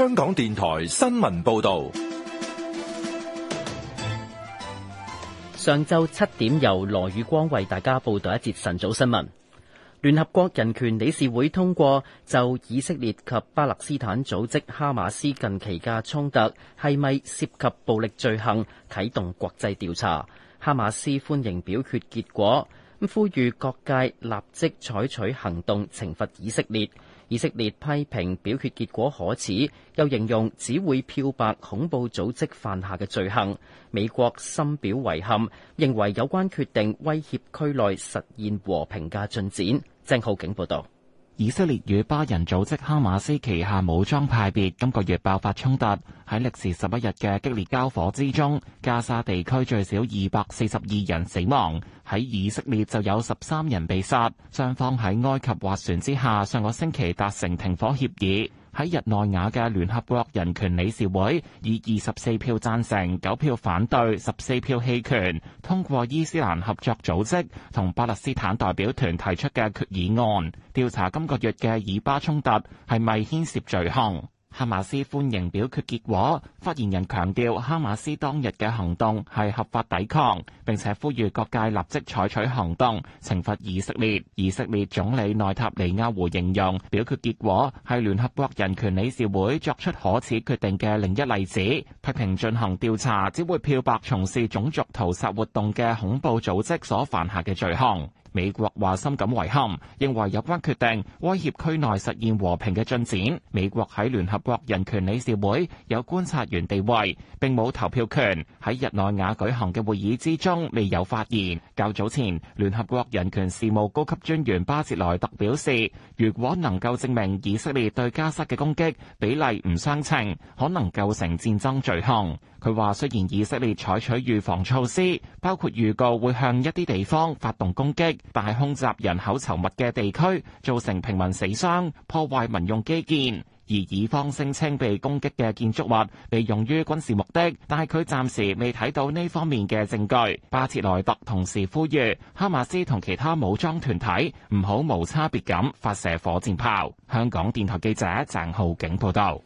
香港電台新聞報道，上晝七點由羅宇光為大家報道一節晨早新聞。聯合國人權理事會通過就以色列及巴勒斯坦組織哈馬斯近期嘅衝突係咪涉及暴力罪行，啟動國際調查。哈馬斯歡迎表決結果，呼籲各界立即採取行動懲罰以色列。以色列批評表決結果可恥，又形容只會漂白恐怖組織犯下嘅罪行。美國深表遺憾，認為有關決定威脅區內實現和平嘅進展。鄭浩景報道。以色列與巴人組織哈馬斯旗下武裝派別今個月爆發衝突，喺歷時十一日嘅激烈交火之中，加沙地區最少二百四十二人死亡，喺以色列就有十三人被殺。雙方喺埃及斡旋之下，上個星期達成停火協議。喺日內瓦嘅聯合國人權理事會以二十四票贊成、九票反對、十四票棄權，通過伊斯蘭合作組織同巴勒斯坦代表團提出嘅決議案，調查今個月嘅以巴衝突係咪牽涉罪行。哈馬斯歡迎表決結果，發言人強調，哈馬斯當日嘅行動係合法抵抗，並且呼籲各界立即採取行動懲罰以色列。以色列總理內塔尼亞胡形容表決結果係聯合國人權理事會作出可恥決定嘅另一例子，批評進行調查只會漂白從事種族屠殺活動嘅恐怖組織所犯下嘅罪行。美國話深感遺憾，認為有關決定威脅區內實現和平嘅進展。美國喺聯合國人權理事會有觀察員地位，並冇投票權。喺日內瓦舉行嘅會議之中，未有發言。較早前，聯合國人權事務高級專員巴切萊特表示，如果能夠證明以色列對加沙嘅攻擊比例唔相稱，可能構成戰爭罪行。佢話：雖然以色列採取預防措施，包括預告會向一啲地方發動攻擊。但係空襲人口稠密嘅地區，造成平民死傷，破壞民用基建。而以方聲稱被攻擊嘅建築物被用於軍事目的，但係佢暫時未睇到呢方面嘅證據。巴切萊特同時呼籲哈馬斯同其他武裝團體唔好無差別咁發射火箭炮。香港電台記者鄭浩景報道。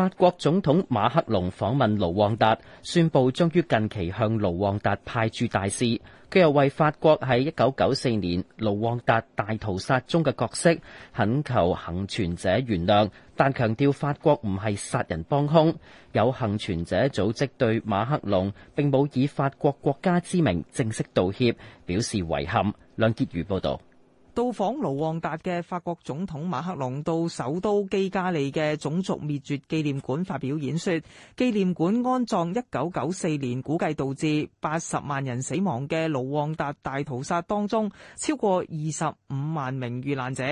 法國總統馬克龍訪問盧旺達，宣布將於近期向盧旺達派駐大使。佢又為法國喺一九九四年盧旺達大屠殺中嘅角色，懇求幸存者原諒，但強調法國唔係殺人幫兇。有幸存者組織對馬克龍並冇以法國國家之名正式道歉，表示遺憾。梁潔如報道。到訪盧旺達嘅法國總統馬克龍到首都基加利嘅種族滅絕紀念館發表演說，紀念館安葬一九九四年估計導致八十萬人死亡嘅盧旺達大屠殺當中超過二十五萬名遇難者。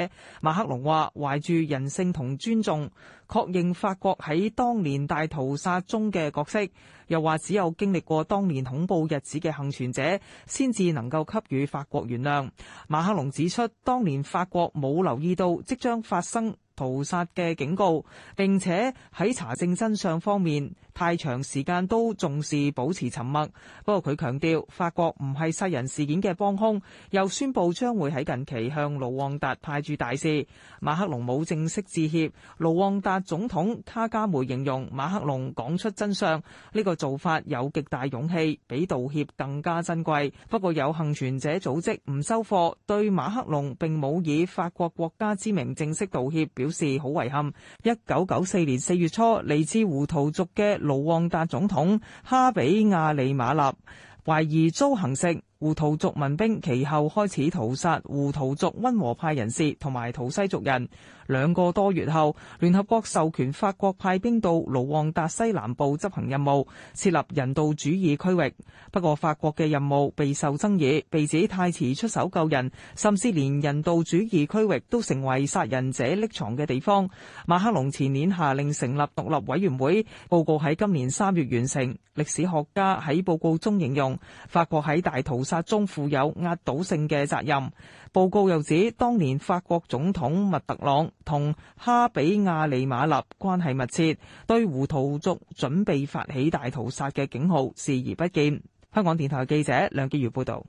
馬克龍話：懷住人性同尊重，確認法國喺當年大屠殺中嘅角色。又話只有經歷過當年恐怖日子嘅幸存者，先至能夠給予法國原諒。馬克龍指出，當年法國冇留意到即將發生屠殺嘅警告，並且喺查證真相方面，太長時間都重視保持沉默。不過佢強調法國唔係殺人事件嘅幫凶，又宣布將會喺近期向盧旺達派駐大使。馬克龍冇正式致歉。盧旺達總統卡加梅形容馬克龍講出真相，呢個做法有極大勇氣，比道歉更加珍貴。不過有幸存者組織唔收貨，對馬克龍並冇以法國國家之名正式道歉表示好遺憾。一九九四年四月初，嚟自胡圖族嘅盧旺達總統哈比亞利馬納懷疑遭行刺。胡圖族民兵其後開始屠殺胡圖族溫和派人士同埋圖西族人。兩個多月後，聯合國授權法國派兵到盧旺達西南部執行任務，設立人道主義區域。不過法國嘅任務備受爭議，被指太遲出手救人，甚至連人道主義區域都成為殺人者匿藏嘅地方。馬克龍前年下令成立獨立委員會，報告喺今年三月完成。歷史學家喺報告中形容法國喺大屠殺中負有壓倒性嘅責任。報告又指，當年法國總統密特朗同哈比亞利馬納關係密切，對胡圖族準備發起大屠殺嘅警號視而不見。香港電台記者梁潔如報道，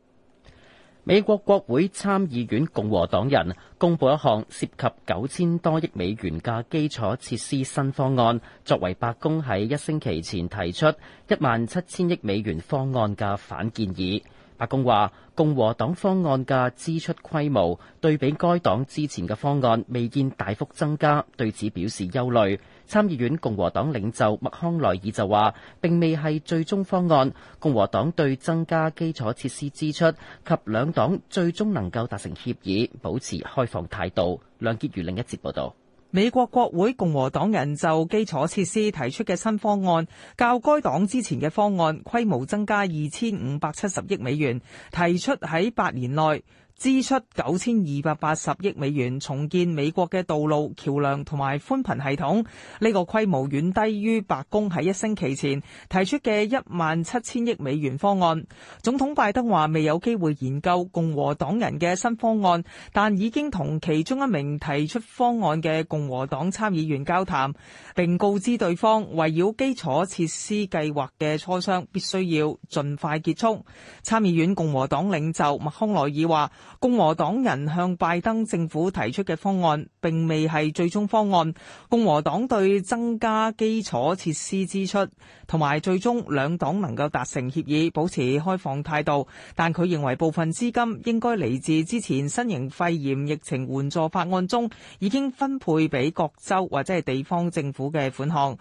美國國會參議院共和黨人公布一項涉及九千多億美元嘅基礎設施新方案，作為白宮喺一星期前提出一萬七千億美元方案嘅反建議。白宮話共和黨方案嘅支出規模對比該黨之前嘅方案未見大幅增加，對此表示憂慮。參議院共和黨領袖麥康奈爾就話，並未係最終方案。共和黨對增加基礎設施支出及兩黨最終能夠達成協議保持開放態度。梁潔如另一節報道。美國國會共和黨人就基礎設施提出嘅新方案，較該黨之前嘅方案規模增加二千五百七十億美元，提出喺八年內，支出九千二百八十億美元重建美國嘅道路、橋樑同埋寬頻系統，呢個規模遠低於白宮喺一星期前提出嘅一萬七千億美元方案。總統拜登話未有機會研究共和黨人嘅新方案，但已經同其中一名提出方案嘅共和黨參議員交談，並告知對方圍繞基礎設施計劃嘅磋商必須要盡快結束。參議院共和黨領袖麥康奈爾話。共和黨人向拜登政府提出嘅方案並未係最終方案。共和黨對增加基礎設施支出，同埋最終兩黨能夠達成協議，保持開放態度，但佢認為部分資金應該嚟自之前新型肺炎疫情援助法案中已經分配俾各州或者係地方政府嘅款項。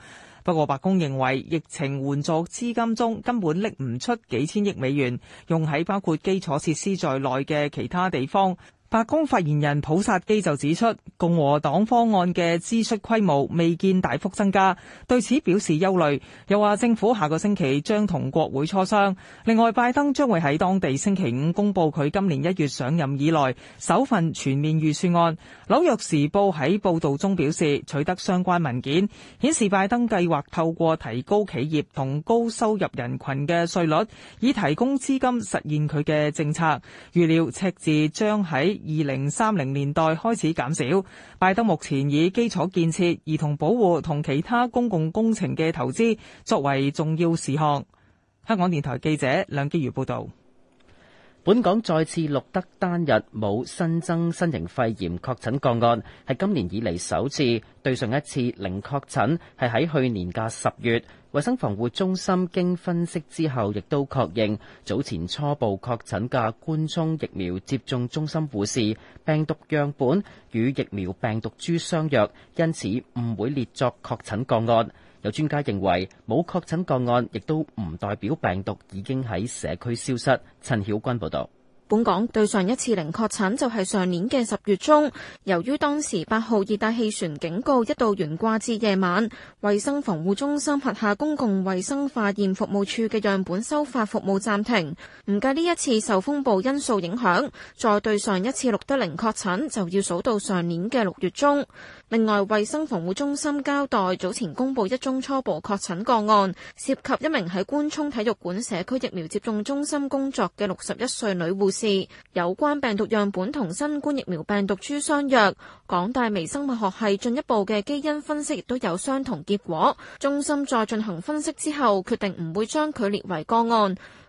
不過白宮認為，疫情援助資金中根本拎唔出幾千億美元，用喺包括基礎設施在內嘅其他地方。白宮發言人普薩基就指出，共和黨方案嘅支出規模未見大幅增加，對此表示憂慮。又話政府下個星期將同國會磋商。另外，拜登將會喺當地星期五公布佢今年一月上任以來首份全面預算案。紐約時報喺報道中表示，取得相關文件顯示，拜登計劃透過提高企業同高收入人群嘅稅率，以提供資金實現佢嘅政策。預料赤字將喺二零三零年代開始減少。拜登目前以基礎建設、兒童保護同其他公共工程嘅投資作為重要事項。香港電台記者梁基如報導，本港再次錄得單日冇新增新型肺炎確診個案，係今年以嚟首次。對上一次零確診係喺去年嘅十月，衞生防護中心經分析之後，亦都確認早前初步確診嘅官涌疫苗接種中心護士病毒樣本與疫苗病毒株相若，因此唔會列作確診個案。有專家認為冇確診個案，亦都唔代表病毒已經喺社區消失。陳曉君報導。本港對上一次零確診就係上年嘅十月中，由於當時八號熱帶氣旋警告一度懸掛至夜晚，衛生防護中心轄下公共衛生化驗服務處嘅樣本收發服務暫停。唔計呢一次受風暴因素影響，再對上一次錄得零確診就要數到上年嘅六月中。另外，衛生防護中心交代早前公佈一宗初步確診個案，涉及一名喺官涌體育館社區疫苗接種中心工作嘅六十一歲女護士。是有關病毒樣本同新冠疫苗病毒株相若，港大微生物學系進一步嘅基因分析亦都有相同結果。中心再進行分析之後，決定唔會將佢列為個案。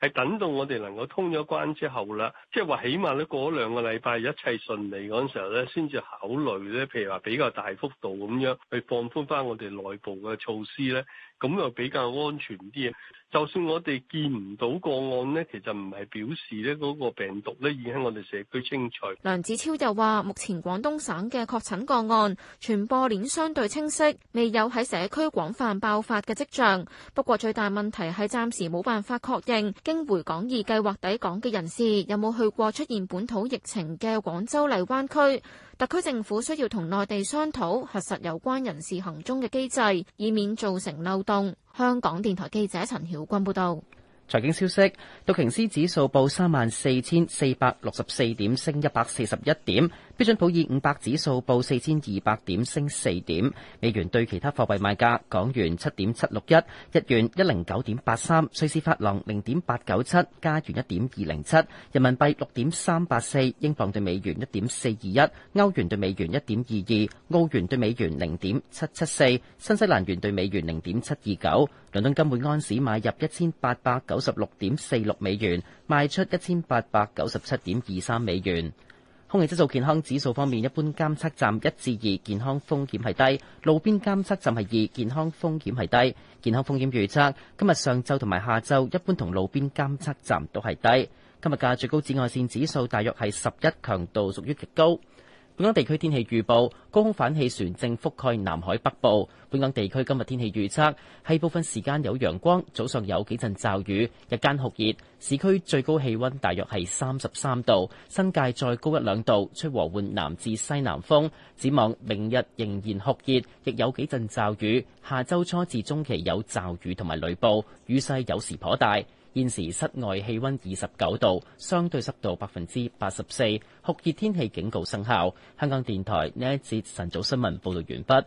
係等到我哋能夠通咗關之後啦，即係話起碼咧過咗兩個禮拜一切順利嗰陣時候咧，先至考慮咧，譬如話比較大幅度咁樣去放寬返我哋內部嘅措施咧，咁又比較安全啲。就算我哋見唔到個案呢，其實唔係表示呢嗰個病毒呢已喺我哋社區清除。梁子超又話目前廣東省嘅確診個案傳播鏈相對清晰，未有喺社區廣泛爆發嘅跡象。不過最大問題係暫時冇辦法確認經回港易計劃抵港嘅人士有冇去過出現本土疫情嘅廣州荔灣區。特區政府需要同內地商討核實有關人士行蹤嘅機制，以免造成漏洞。香港電台記者陳曉君報道。財經消息，道瓊斯指數報三萬四千四百六十四點，升一百四十一點。標準普爾五百指數報四千二百點，升四點。美元對其他貨幣賣價：港元七點七六一，日元一零九點八三，瑞士法郎零點八九七，加元一點二零七，人民幣六點三八四，英鎊兌美元一點四二一，歐元兌美元一點二二，澳元兌美元零點七七四，新西蘭元兌美元零點七二九。倫敦金每安士買入一千八百九十六點四六美元，賣出一千八百九十七點二三美元。空氣質素健康指數方面，一般監測站一至二，健康風險係低；路邊監測站係二，健康風險係低。健康風險預測今日上晝同埋下晝，一般同路邊監測站都係低。今日嘅最高紫外線指數大約係十一，強度屬於極高。本港地區天氣預報：高空反氣旋正覆蓋南海北部。本港地區今日天氣預測係部分時間有陽光，早上有幾陣驟雨，日間酷熱，市區最高氣溫大約係三十三度，新界再高一兩度。吹和緩南至西南風。展望明日仍然酷熱，亦有幾陣驟雨。下週初至中期有驟雨同埋雷暴，雨勢有時頗大。現時室外氣温二十九度，相對濕度百分之八十四，酷熱天氣警告生效。香港電台呢一節晨早新聞報道完畢。